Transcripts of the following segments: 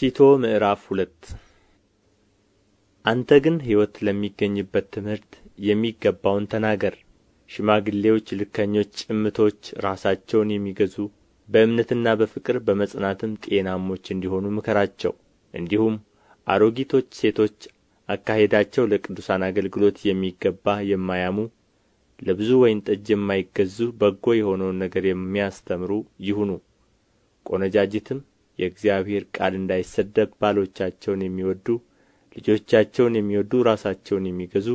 ቲቶ ምዕራፍ ሁለት አንተ ግን ሕይወት ለሚገኝበት ትምህርት የሚገባውን ተናገር። ሽማግሌዎች ልከኞች፣ ጭምቶች፣ ራሳቸውን የሚገዙ በእምነትና በፍቅር በመጽናትም ጤናሞች እንዲሆኑ ምከራቸው። እንዲሁም አሮጊቶች ሴቶች አካሄዳቸው ለቅዱሳን አገልግሎት የሚገባ የማያሙ ለብዙ ወይን ጠጅ የማይገዙ በጎ የሆነውን ነገር የሚያስተምሩ ይሁኑ። ቆነጃጅትም የእግዚአብሔር ቃል እንዳይሰደብ ባሎቻቸውን የሚወዱ ልጆቻቸውን የሚወዱ ራሳቸውን የሚገዙ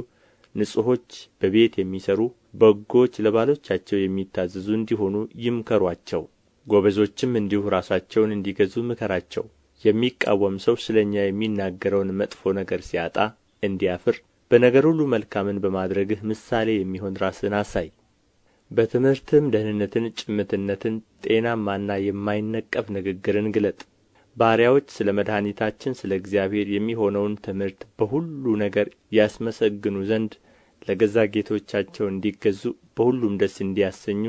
ንጹሖች በቤት የሚሠሩ በጎዎች ለባሎቻቸው የሚታዘዙ እንዲሆኑ ይምከሯቸው ጎበዞችም እንዲሁ ራሳቸውን እንዲገዙ ምከራቸው የሚቃወም ሰው ስለ እኛ የሚናገረውን መጥፎ ነገር ሲያጣ እንዲያፍር በነገር ሁሉ መልካምን በማድረግህ ምሳሌ የሚሆን ራስህን አሳይ በትምህርትም ደኅንነትን ጭምትነትን ጤናማና የማይነቀፍ ንግግርን ግለጥ ባሪያዎች ስለ መድኃኒታችን ስለ እግዚአብሔር የሚሆነውን ትምህርት በሁሉ ነገር ያስመሰግኑ ዘንድ ለገዛ ጌቶቻቸው እንዲገዙ በሁሉም ደስ እንዲያሰኙ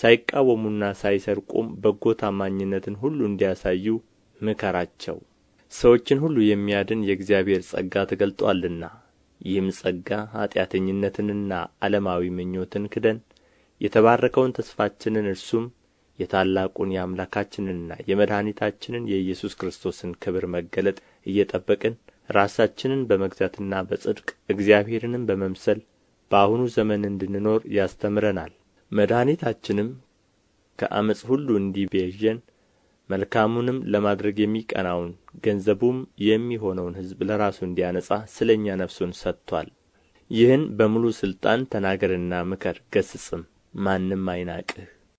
ሳይቃወሙና ሳይሰርቁም በጎ ታማኝነትን ሁሉ እንዲያሳዩ ምከራቸው። ሰዎችን ሁሉ የሚያድን የእግዚአብሔር ጸጋ ተገልጦአልና፣ ይህም ጸጋ ኃጢአተኝነትንና ዓለማዊ ምኞትን ክደን የተባረከውን ተስፋችንን እርሱም የታላቁን የአምላካችንንና የመድኃኒታችንን የኢየሱስ ክርስቶስን ክብር መገለጥ እየጠበቅን ራሳችንን በመግዛትና በጽድቅ እግዚአብሔርንም በመምሰል በአሁኑ ዘመን እንድንኖር ያስተምረናል። መድኃኒታችንም ከአመፅ ሁሉ እንዲቤዠን መልካሙንም ለማድረግ የሚቀናውን ገንዘቡም የሚሆነውን ሕዝብ ለራሱ እንዲያነጻ ስለ እኛ ነፍሱን ሰጥቶአል። ይህን በሙሉ ሥልጣን ተናገርና ምከር ገስጽም። ማንም አይናቅህ